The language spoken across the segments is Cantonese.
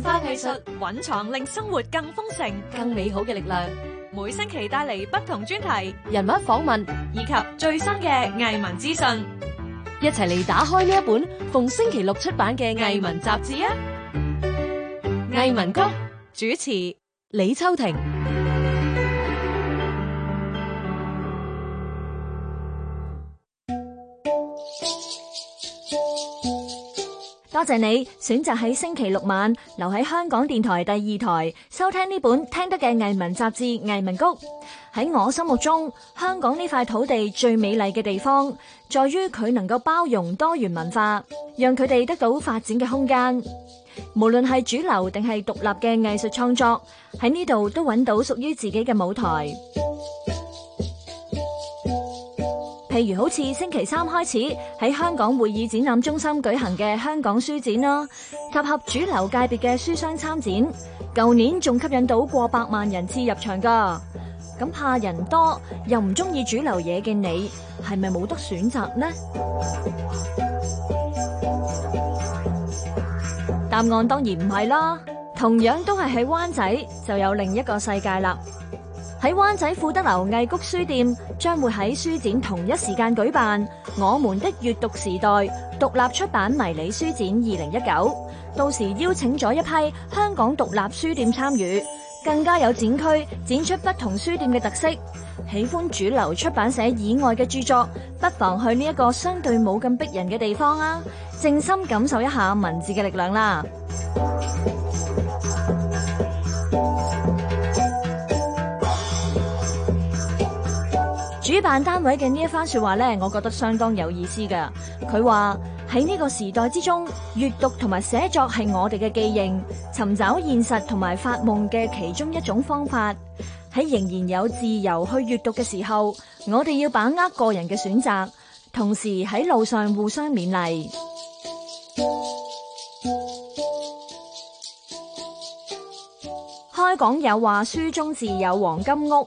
文化技術蘊藏令生活更豐盛、更美好嘅力量，每星期帶嚟不同專題、人物訪問以及最新嘅藝文資訊，一齊嚟打開呢一本逢星期六出版嘅藝文雜誌啊！藝文谷主持李秋婷。多謝你選擇喺星期六晚留喺香港電台第二台收聽呢本聽得嘅藝文雜誌《藝文谷》。喺我心目中，香港呢塊土地最美麗嘅地方，在於佢能夠包容多元文化，讓佢哋得到發展嘅空間。無論係主流定係獨立嘅藝術創作，喺呢度都揾到屬於自己嘅舞台。例如好似星期三開始喺香港會議展覽中心舉行嘅香港書展啦，集合主流界別嘅書商參展，舊年仲吸引到過百萬人次入場㗎。咁怕人多又唔中意主流嘢嘅你，係咪冇得選擇呢？答案當然唔係啦，同樣都係喺灣仔就有另一個世界啦。喺灣仔富德樓藝谷書店，將會喺書展同一時間舉辦我們的閱讀時代獨立出版迷你書展二零一九。到時邀請咗一批香港獨立書店參與，更加有展區展出不同書店嘅特色。喜歡主流出版社以外嘅著作，不妨去呢一個相對冇咁逼人嘅地方啊，靜心感受一下文字嘅力量啦！ 主辦單位嘅呢一番說話咧，我覺得相當有意思噶。佢話喺呢個時代之中，閱讀同埋寫作係我哋嘅記認、尋找現實同埋發夢嘅其中一種方法。喺仍然有自由去閱讀嘅時候，我哋要把握個人嘅選擇，同時喺路上互相勉勵。開講有話，書中自有黃金屋。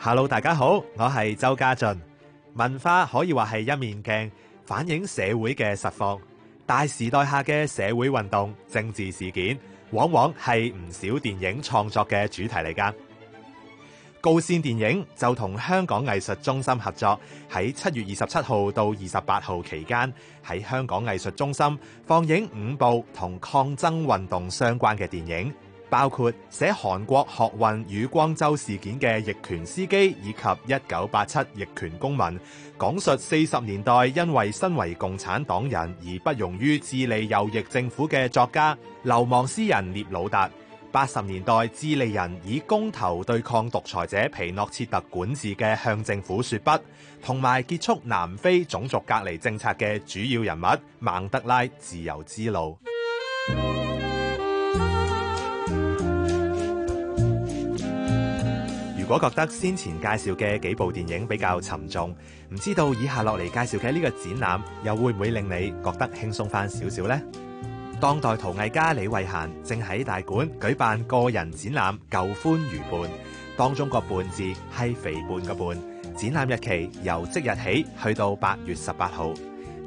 Hello，大家好，我係周家俊。文化可以話係一面鏡，反映社會嘅實況。大時代下嘅社會運動、政治事件，往往係唔少電影創作嘅主題嚟噶。高線電影就同香港藝術中心合作，喺七月二十七號到二十八號期間，喺香港藝術中心放映五部同抗爭運動相關嘅電影。包括寫韓國學運與光州事件嘅逆權司機，以及一九八七逆權公民，講述四十年代因為身為共產黨人而不容於智利右翼政府嘅作家流亡詩人聶魯達，八十年代智利人以公投對抗獨裁者皮諾切特管治嘅向政府說不，同埋結束南非種族隔離政策嘅主要人物曼德拉自由之路。如果覺得先前介紹嘅幾部電影比較沉重，唔知道以下落嚟介紹嘅呢個展覽又會唔會令你覺得輕鬆翻少少呢？當代陶藝家李慧嫻正喺大館舉辦個人展覽《舊歡如胖》，當中個胖字係肥胖嘅胖。展覽日期由即日起去到八月十八號。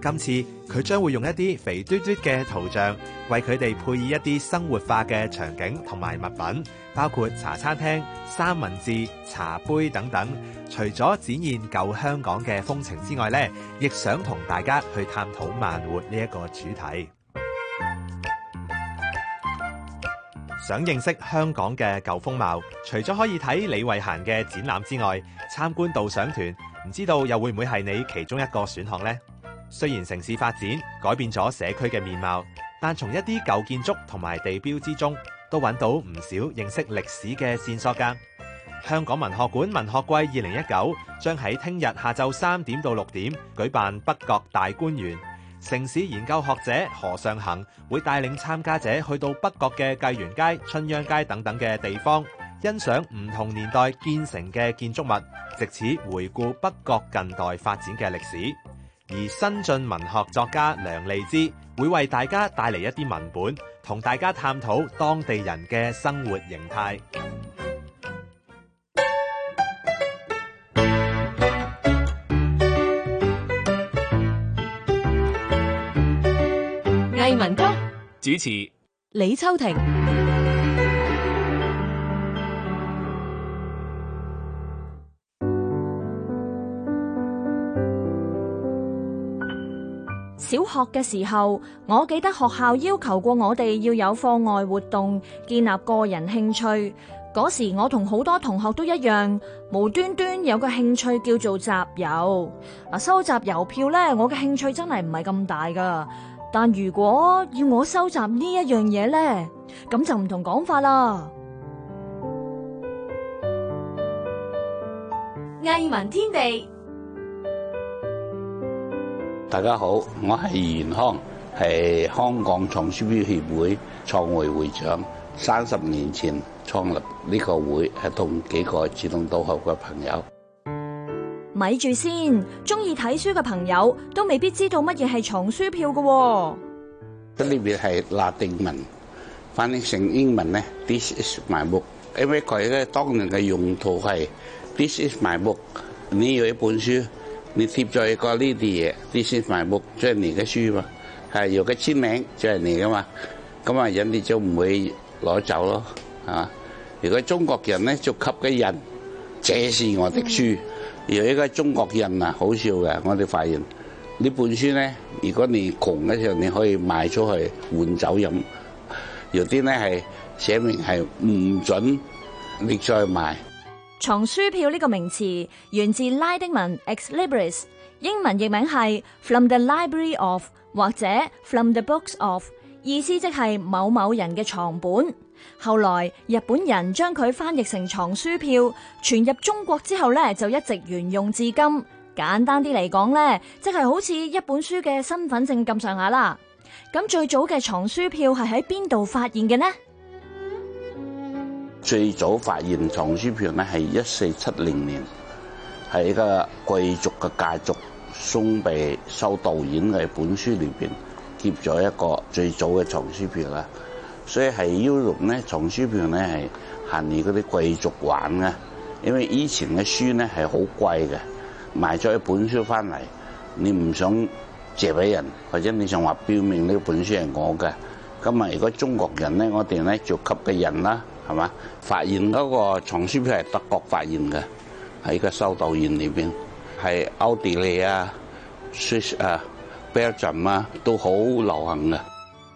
今次佢將會用一啲肥嘟嘟嘅圖像，為佢哋配以一啲生活化嘅場景同埋物品，包括茶餐廳、三文治、茶杯等等。除咗展現舊香港嘅風情之外，呢亦想同大家去探討慢活呢一個主題。 想認識香港嘅舊風貌，除咗可以睇李慧嫻嘅展覽之外，參觀導賞團，唔知道又會唔會係你其中一個選項呢？雖然城市發展改變咗社區嘅面貌，但從一啲舊建築同埋地標之中，都揾到唔少認識歷史嘅線索噶。香港文學館文學季二零一九將喺聽日下晝三點到六點舉辦北角大觀園。城市研究學者何尚恆會帶領參加者去到北角嘅繼園街、春秧街等等嘅地方，欣賞唔同年代建成嘅建築物，借此回顧北角近代發展嘅歷史。而新晉文學作家梁利之會為大家帶嚟一啲文本，同大家探討當地人嘅生活形態。魏文光主持，李秋婷。小學嘅時候，我記得學校要求過我哋要有課外活動，建立個人興趣。嗰時我同好多同學都一樣，無端端有個興趣叫做集郵。嗱，收集郵票呢，我嘅興趣真係唔係咁大㗎。但如果要我收集呢一樣嘢呢，咁就唔同講法啦。藝文天地。大家好，我係余元康，係香港藏書票協會創會會長。三十年前創立呢個會，係同幾個志同道合嘅朋友。咪住先，中意睇書嘅朋友都未必知道乜嘢係藏書票嘅。呢邊係拉丁文，翻譯成英文咧，This is my book，因為佢咧當年嘅用途係 This is my book，你有一本書。你貼咗一個呢啲嘢，啲先係木，即係你嘅書嘛，係有個簽名，即係你噶嘛，咁啊人哋就唔會攞走咯，啊！如果中國人咧就吸個印，這是我的書。如果依家中國人啊好笑嘅，我哋發現呢本書咧，如果你窮嘅時候你可以賣出去換酒飲，有啲咧係寫明係唔準你再賣。藏書票呢個名詞源自拉丁文 ex libris，英文譯名係 from the library of 或者 from the books of，意思即係某某人嘅藏本。後來日本人將佢翻譯成藏書票，傳入中國之後咧就一直沿用至今。簡單啲嚟講咧，即係好似一本書嘅身份證咁上下啦。咁最早嘅藏書票係喺邊度發現嘅呢？最早發現藏書票咧，係一四七零年，係一個貴族嘅家族送俾修道院嘅本書裏邊貼咗一個最早嘅藏書票啦。所以係要用咧藏書票咧，係限於嗰啲貴族玩嘅，因為以前嘅書咧係好貴嘅，買咗一本書翻嚟，你唔想借俾人，或者你想話標明呢本書係我嘅，咁啊，如果中國人咧，我哋咧就給嘅人啦。係嘛？發現嗰個藏書票係德國發現嘅，喺個修道院裏邊，係奧地利啊、瑞士啊、Belgium 啊都好流行嘅。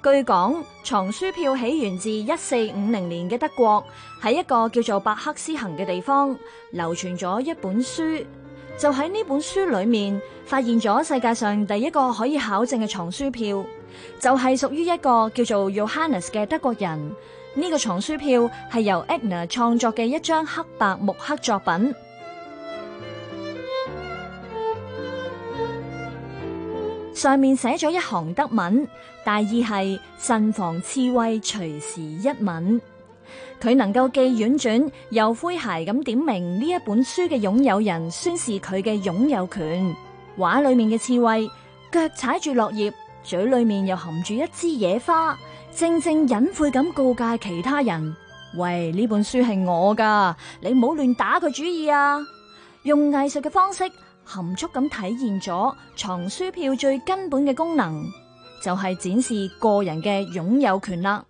據講，藏書票起源自一四五零年嘅德國，喺一個叫做柏克斯行嘅地方，流傳咗一本書，就喺呢本書裏面發現咗世界上第一個可以考證嘅藏書票，就係屬於一個叫做 Johannes 嘅德國人。呢個藏書票係由 Etna 創作嘅一張黑白木刻作品，上面寫咗一行德文，大意係：慎防刺蝟隨時一吻。佢能夠既婉轉又詼諧咁點明呢一本書嘅擁有人，宣示佢嘅擁有權。畫裏面嘅刺蝟腳踩住落葉，嘴裏面又含住一支野花。正正隱晦咁告誡其他人，喂，呢本書係我噶，你唔好亂打佢主意啊！用藝術嘅方式含蓄咁體現咗藏書票最根本嘅功能，就係展示個人嘅擁有權啦。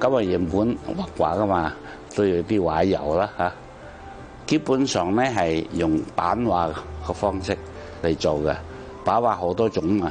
咁啊，原本畫畫噶嘛，都要啲畫油啦吓。基本上咧係用版畫嘅方式嚟做嘅，版畫好多種啊。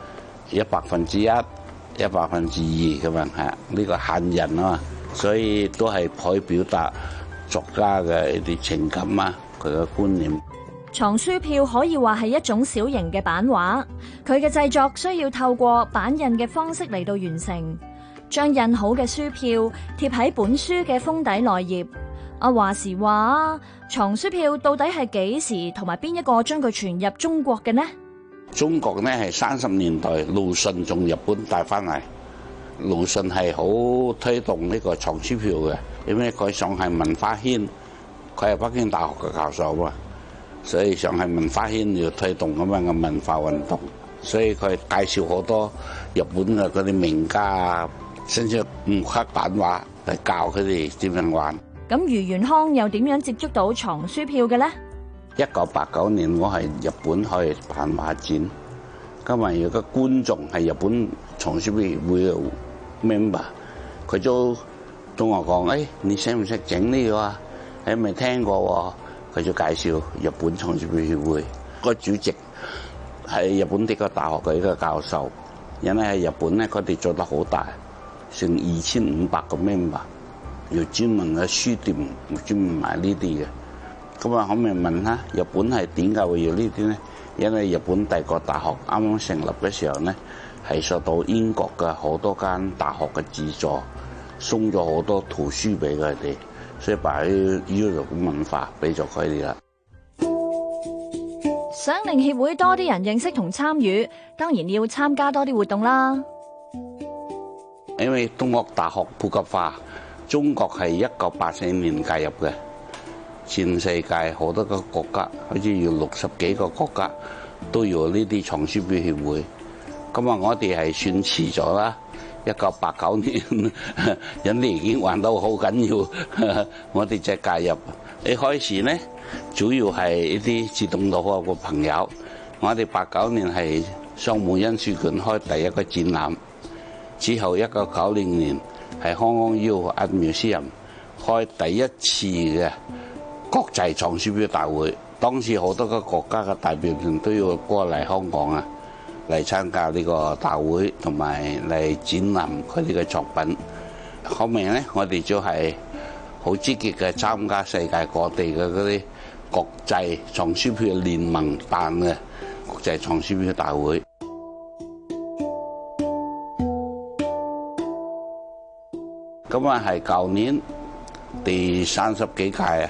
一百分之一、一百分之二咁樣吓，呢個限印啊嘛，所以都係可以表達作家嘅一啲情感啊，佢嘅觀念。藏書票可以話，係一種小型嘅版畫，佢嘅製作需要透過版印嘅方式嚟到完成，將印好嘅書票貼喺本書嘅封底內頁。阿華時話，實話藏書票到底係幾時同埋邊一個將佢傳入中國嘅呢？中國咧係三十年代，魯迅從日本帶翻嚟，魯迅係好推動呢個藏書票嘅。因為佢上係文化圈，佢係北京大學嘅教授嘛，所以上係文化圈要推動咁樣嘅文化運動，所以佢介紹好多日本嘅嗰啲名家啊，甚至木刻版畫嚟教佢哋點樣玩。咁余元康又點樣接觸到藏書票嘅咧？一九八九年，我係日本去辦畫展，今日有個觀眾係日本藏書協會 member，佢就同我講：誒、欸，你識唔識整呢個？誒，未聽過喎。佢就介紹日本藏書協會，個主席係日本的個大學嘅一個教授，因為喺日本咧，佢哋做得好大，成二千五百個 member，要專門嘅書店專門賣呢啲嘅。咁啊，可唔可以問下日本係點解會要呢啲咧？因為日本帝國大學啱啱成立嘅時候咧，係受到英國嘅好多間大學嘅資助，送咗好多圖書俾佢哋，所以擺咗呢啲文化俾咗佢哋啦。想令協會多啲人認識同參與，當然要參加多啲活動啦。因為東亞大學普及化，中國係一九八四年介入嘅。全世界好多個國家，好似要六十幾個國家都要呢啲藏書票協會。咁啊，我哋係算遲咗啦。一九八九年， 人哋已經玩到好緊要， 我哋就介入。一開始咧，主要係一啲自動腦啊個朋友。我哋八九年係商務印書館開第一個展覽，之後一九九零年係康康邀阿苗詩人開第一次嘅。國際藏書票大會，當時好多個國家嘅代表團都要過嚟香港啊，嚟參加呢個大會，同埋嚟展覽佢哋嘅作品。後面咧，我哋就係好積極嘅參加世界各地嘅嗰啲國際藏書票聯盟辦嘅國際藏書票大會。咁啊，係舊年第三十幾屆啊，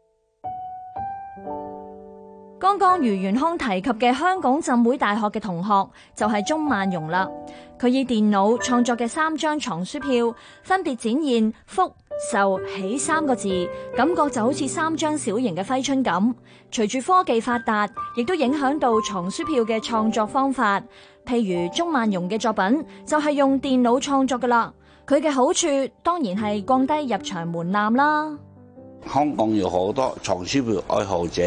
剛剛余元康提及嘅香港浸會大學嘅同學就係鍾萬榮啦，佢以電腦創作嘅三張藏書票，分別展現福、壽、喜三個字，感覺就好似三張小型嘅揮春咁。隨住科技發達，亦都影響到藏書票嘅創作方法，譬如鍾萬榮嘅作品就係用電腦創作㗎啦，佢嘅好處當然係降低入場門檻啦。香港有好多藏書票愛好者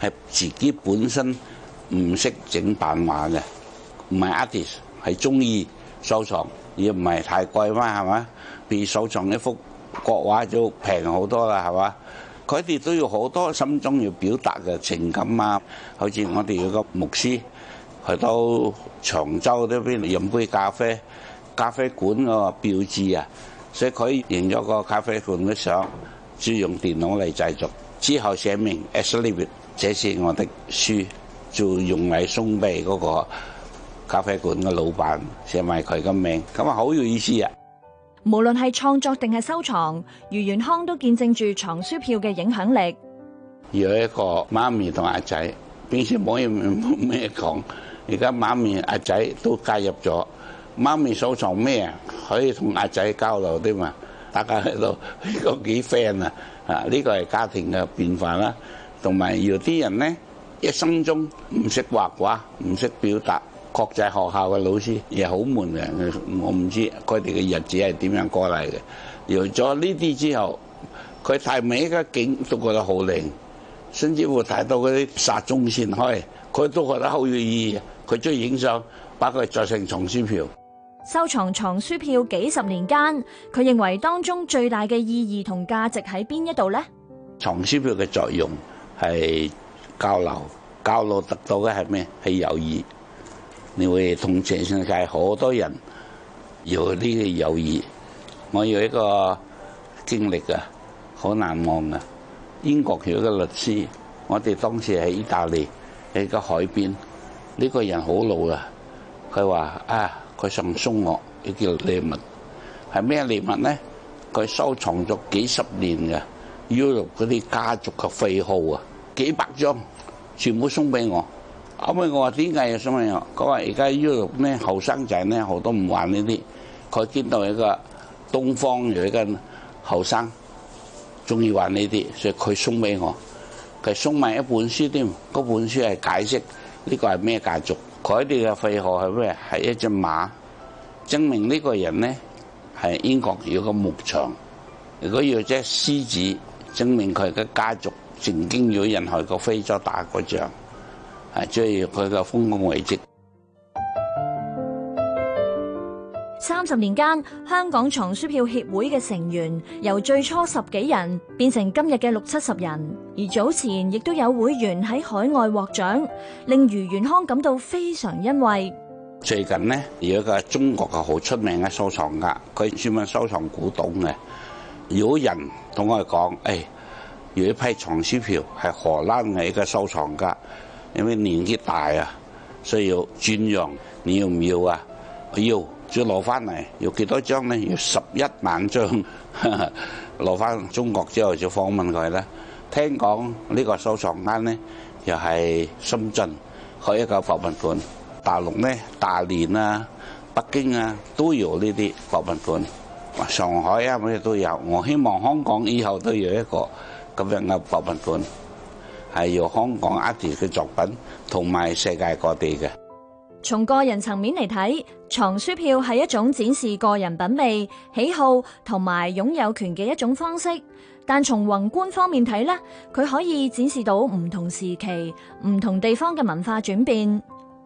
係自己本身唔識整版畫嘅，唔係 artist，係中意收藏，而唔係太貴嘛，係嘛？比收藏一幅國畫就平好多啦，係嘛？佢哋都有好多心中要表達嘅情感啊，好似我哋有個牧師去到長洲呢邊嚟飲杯咖啡，咖啡館個標誌啊，所以佢影咗個咖啡館嘅相。就用電腦嚟製作，之後寫明 Exlibris，這是我的書，就用嚟送俾嗰個咖啡館嘅老闆，寫埋佢嘅名，咁啊好有意思啊！無論係創作定係收藏，余元康都見證住藏書票嘅影響力。有一個媽咪同阿仔，變成冇嘢咩講，而家媽咪阿仔都加入咗，媽咪收藏咩，可以同阿仔交流啲嘛。大家喺度呢個幾 friend 啊！啊，呢個係家庭嘅變化啦。啊，同埋有啲人咧一生中唔識畫畫，唔識表達，國際學校嘅老師亦好悶嘅。我唔知佢哋嘅日子係點樣過嚟嘅。有咗呢啲之後，佢睇美嘅景都覺得好靚，甚至乎睇到嗰啲殺中線開，佢都覺得好有意義。佢中意影相，把佢做成藏書票。收藏藏書票幾十年間，佢認為當中最大嘅意義同價值喺邊一度咧？藏書票嘅作用係交流，交流得到嘅係咩？係友誼。你會同全世界好多人有呢啲友誼。我有一個經歷啊，好難忘啊。英國嘅一個律師，我哋當時喺意大利喺個海邊，呢個人好老啦，佢話啊。佢送送我，佢叫禮物，係咩禮物咧？佢收藏咗幾十年嘅 URO 嗰啲家族嘅徽號啊，幾百張全部送俾我。後尾我話，點解要送俾我？佢話而家 URO 咧，後生仔咧好多唔玩呢啲，佢見到一個東方有一個後生中意玩呢啲，所以佢送俾我。佢送埋一本書添，嗰本書係解釋呢個係咩家族。佢哋嘅徽號係咩？係一隻馬，證明呢個人咧，係英國有一個牧場，如果有隻獅子，證明佢嘅家族曾經有人去過非洲打過仗，即係佢嘅豐功偉績。十年間，香港藏書票協會嘅成員由最初十幾人變成今日嘅六七十人，而早前亦都有會員喺海外獲獎，令余元康感到非常欣慰。最近呢，有一個中國嘅好出名嘅收藏家，佢專門收藏古董嘅。如果人同我哋講，誒、哎，有一批藏書票係荷蘭嘅一個收藏家，因為年紀大啊，需要轉讓，你要唔要啊？我要。再攞翻嚟，要幾多張咧？要十一萬張，攞翻中國之後就訪問佢啦。聽講呢個收藏間咧，又係深圳開一個博物館。大陸咧，大連啊、北京啊都有呢啲博物館，上海啊乜嘢都有。我希望香港以後都要一個咁樣嘅博物館，係由香港 artist 嘅作品同埋世界各地嘅。從個人層面嚟睇，藏書票係一種展示個人品味、喜好同埋擁有權嘅一種方式。但從宏觀方面睇呢，佢可以展示到唔同時期、唔同地方嘅文化轉變。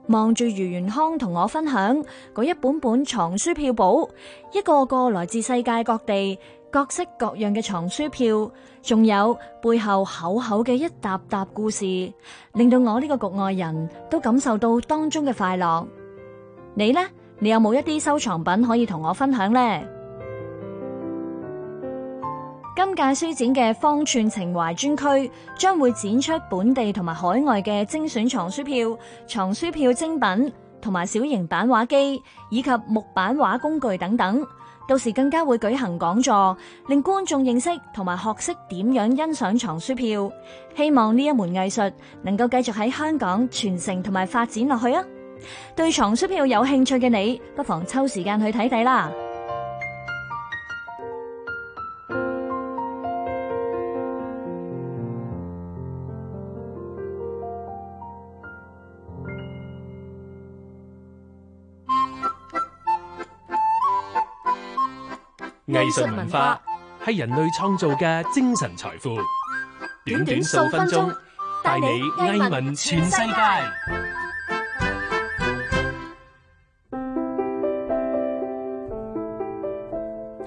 望住余元康同我分享嗰一本本藏書票簿，一個個來自世界各地，各式各樣嘅藏書票，仲有背後厚厚嘅一沓沓故事，令到我呢個局外人都感受到當中嘅快樂。你呢？你有冇一啲收藏品可以同我分享呢？今屆書展嘅方寸情懷專區將會展出本地同埋海外嘅精選藏書票、藏書票精品同埋小型版畫機以及木版畫工具等等。到時更加會舉行講座，令觀眾認識同埋學識點樣欣賞藏書票。希望呢一門藝術能夠繼續喺香港傳承同埋發展落去啊！對藏書票有興趣嘅你，不妨抽時間去睇睇啦。藝術文化係人類創造嘅精神財富。短短數分鐘，帶你藝文全世界。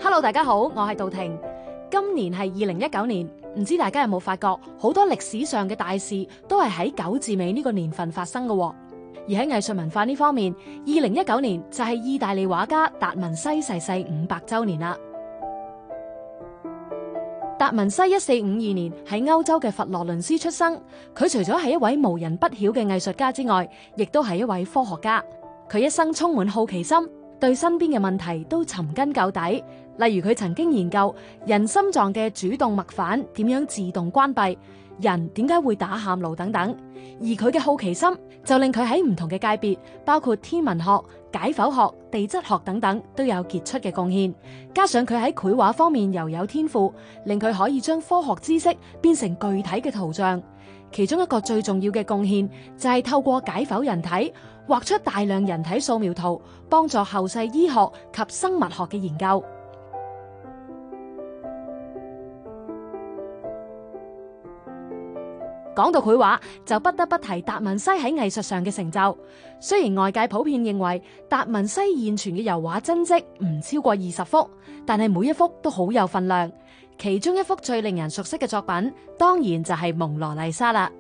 Hello，大家好，我係杜婷。今年係二零一九年，唔知大家有冇發覺，好多歷史上嘅大事都係喺九字尾呢個年份發生嘅。而喺藝術文化呢方面，二零一九年就係意大利畫家達文西逝世五百周年啦。達文西一四五二年喺歐洲嘅佛羅倫斯出生，佢除咗係一位無人不曉嘅藝術家之外，亦都係一位科學家。佢一生充滿好奇心，對身邊嘅問題都尋根究底。例如，佢曾經研究人心臟嘅主動脈瓣點樣自動關閉。人點解會打喊路等等，而佢嘅好奇心就令佢喺唔同嘅界別，包括天文學、解剖學、地質學等等，都有傑出嘅貢獻。加上佢喺繪畫方面又有天賦，令佢可以將科學知識變成具體嘅圖像。其中一個最重要嘅貢獻就係透過解剖人體，畫出大量人體素描圖，幫助後世醫學及生物學嘅研究。講到佢畫，就不得不提達文西喺藝術上嘅成就。雖然外界普遍認為達文西現存嘅油畫真跡唔超過二十幅，但係每一幅都好有分量。其中一幅最令人熟悉嘅作品，當然就係、是、蒙羅麗莎啦。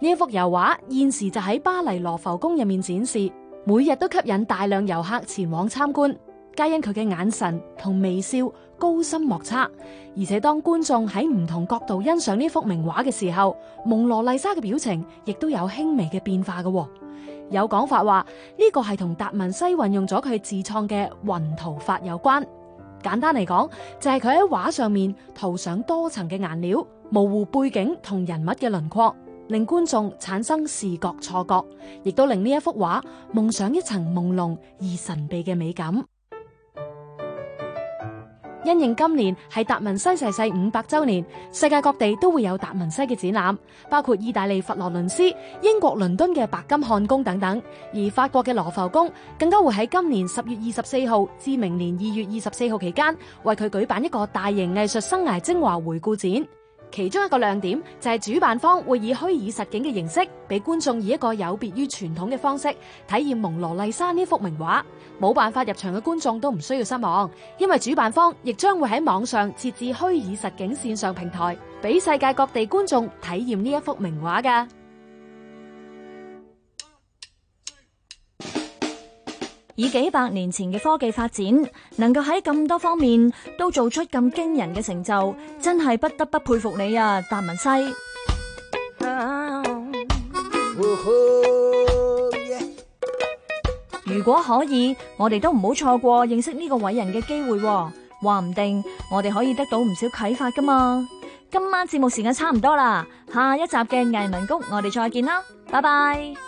呢一幅油畫現時就喺巴黎羅浮宮入面展示，每日都吸引大量遊客前往參觀，皆因佢嘅眼神同微笑，高深莫測，而且當觀眾喺唔同角度欣賞呢幅名畫嘅時候，蒙羅麗莎嘅表情亦都有輕微嘅變化嘅、哦。有講法話呢、這個係同達文西運用咗佢自創嘅暈塗法有關。簡單嚟講，就係佢喺畫上面塗上多層嘅顏料，模糊背景同人物嘅輪廓，令觀眾產生視覺錯覺，亦都令呢一幅畫蒙上一層朦朧而神秘嘅美感。因應今年係達文西逝世五百周年，世界各地都會有達文西嘅展覽，包括意大利佛羅倫斯、英國倫敦嘅白金漢宮等等，而法國嘅羅浮宮更加會喺今年十月二十四號至明年二月二十四號期間，為佢舉辦一個大型藝術生涯精華回顧展。其中一個亮點就係主辦方會以虛擬實景嘅形式，俾觀眾以一個有別於傳統嘅方式體驗蒙羅麗莎呢幅名畫。冇辦法入場嘅觀眾都唔需要失望，因為主辦方亦將會喺網上設置虛擬實景綫上平台，俾世界各地觀眾體驗呢一幅名畫㗎。以幾百年前嘅科技發展，能夠喺咁多方面都做出咁驚人嘅成就，真係不得不佩服你啊，達文西！Uh huh. Yeah. 如果可以，我哋都唔好錯過認識呢個偉人嘅機會啊，話唔定我哋可以得到唔少啟發噶嘛。今晚節目時間差唔多啦，下一集嘅藝文谷，我哋再見啦，拜拜。Bye.